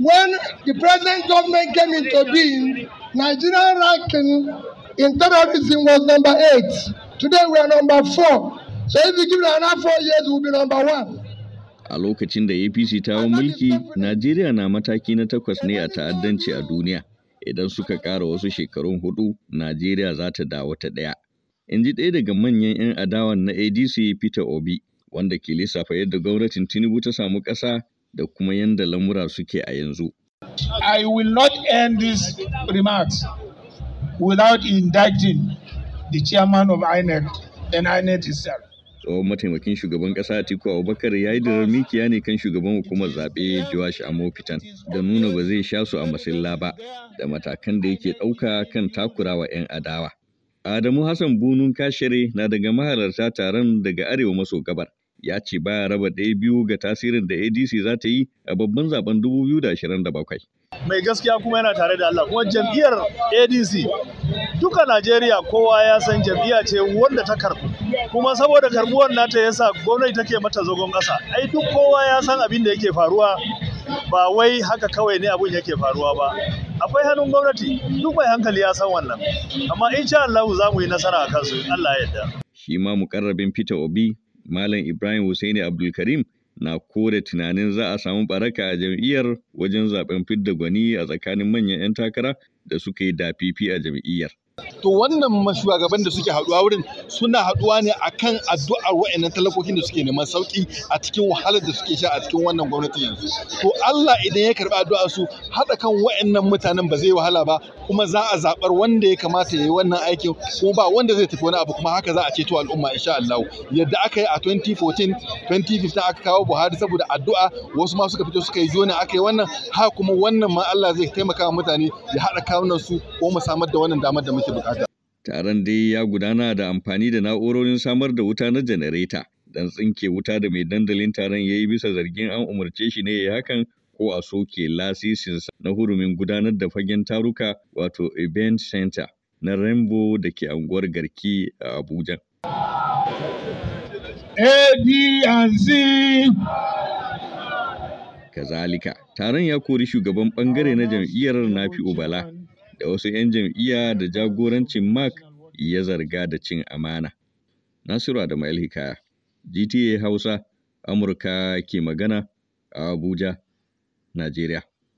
when the present government came into being, Nigerian ranking in terrorism was number eight. Today we are number four. So if you give it another four years, we'll be number one. a lokacin da apc ta yi mulki najeriya na mataki na takwas ne a ta'addanci a duniya idan suka ƙara wasu shekarun hudu najeriya za ta dawo ta ɗaya in ji ɗaya daga manyan 'yan adawan na adc peter obi wanda ke lissafa yadda gwamnatin tinubu ta samu ƙasa da kuma yadda lamura suke a yanzu. I will not end these remarks without indicting the chairman of INEC and INEC itself. tsohon mataimakin shugaban kasa Atiku Abubakar ya yi da mikiya ne kan shugaban hukumar zaɓe a Amofitan da nuna ba zai sha su a masilla ba da matakan da yake ɗauka kan takurawa 'yan adawa. Adamu Hassan Bunun Kashere na daga mahalarta taron daga arewa maso gabar. ya ce baya raba ɗaya biyu ga tasirin da ADC za ta yi a babban zaben 2027. Mai gaskiya kuma yana tare da Allah kuma jam'iyyar ADC duka Najeriya kowa ya san jam'iyya ce wanda ta karbu kuma saboda karbuwar nata yasa gwamnati take mata zagon ƙasa ai duk kowa ya san abin da yake faruwa ba wai haka kawai ne abin yake faruwa ba akwai hannun gwamnati duk mai hankali ya san wannan amma in insha Allahu za mu yi nasara a kansu Allah ya yarda shi ma mukarrabin Peter Obi Malam Ibrahim Hussaini Abdulkarim na kore tunanin za a samu baraka a jam'iyyar wajen zaben fidda gwani a tsakanin manyan 'yan takara da suka yi dafifi a jam'iyyar. To wannan shugaban da suke haɗuwa wurin suna haɗuwa ne a kan addu'ar wa'annan talakokin da suke neman sauki a cikin wahalar da suke sha a cikin wannan gwamnati yanzu. To Allah idan ya karɓi addu'ar su haɗa kan wa'annan mutanen ba zai wahala ba kuma za a zaɓar wanda ya kamata ya yi wannan aikin ko ba wanda zai tafi wani abu kuma haka za a ceto al'umma insha Allah. Yadda aka yi a 2014 2015 aka kawo Buhari saboda addu'a wasu ma suka fito suka yi jona aka yi wannan ha kuma wannan ma Allah zai taimaka wa mutane ya haɗa kawunan su ko mu samar da wannan damar da muke bukata. Taron dai ya gudana da amfani da na'urorin samar da wuta na janareta don tsinke wuta da mai dandalin taron ya yi bisa zargin an umarce shi ne ya hakan ko a soke lasisinsa na hurumin gudanar da fagen taruka wato event center na rainbow da ke anguwar garki a abuja kazalika taron ya kori shugaban bangare na jam'iyyar nafi obala da wasu 'yan jam'iyya da jagorancin Mark ya zarga da cin amana. Nasiru Adamu Hikaya, GTA Hausa, Amurka ke magana a Abuja, Najeriya.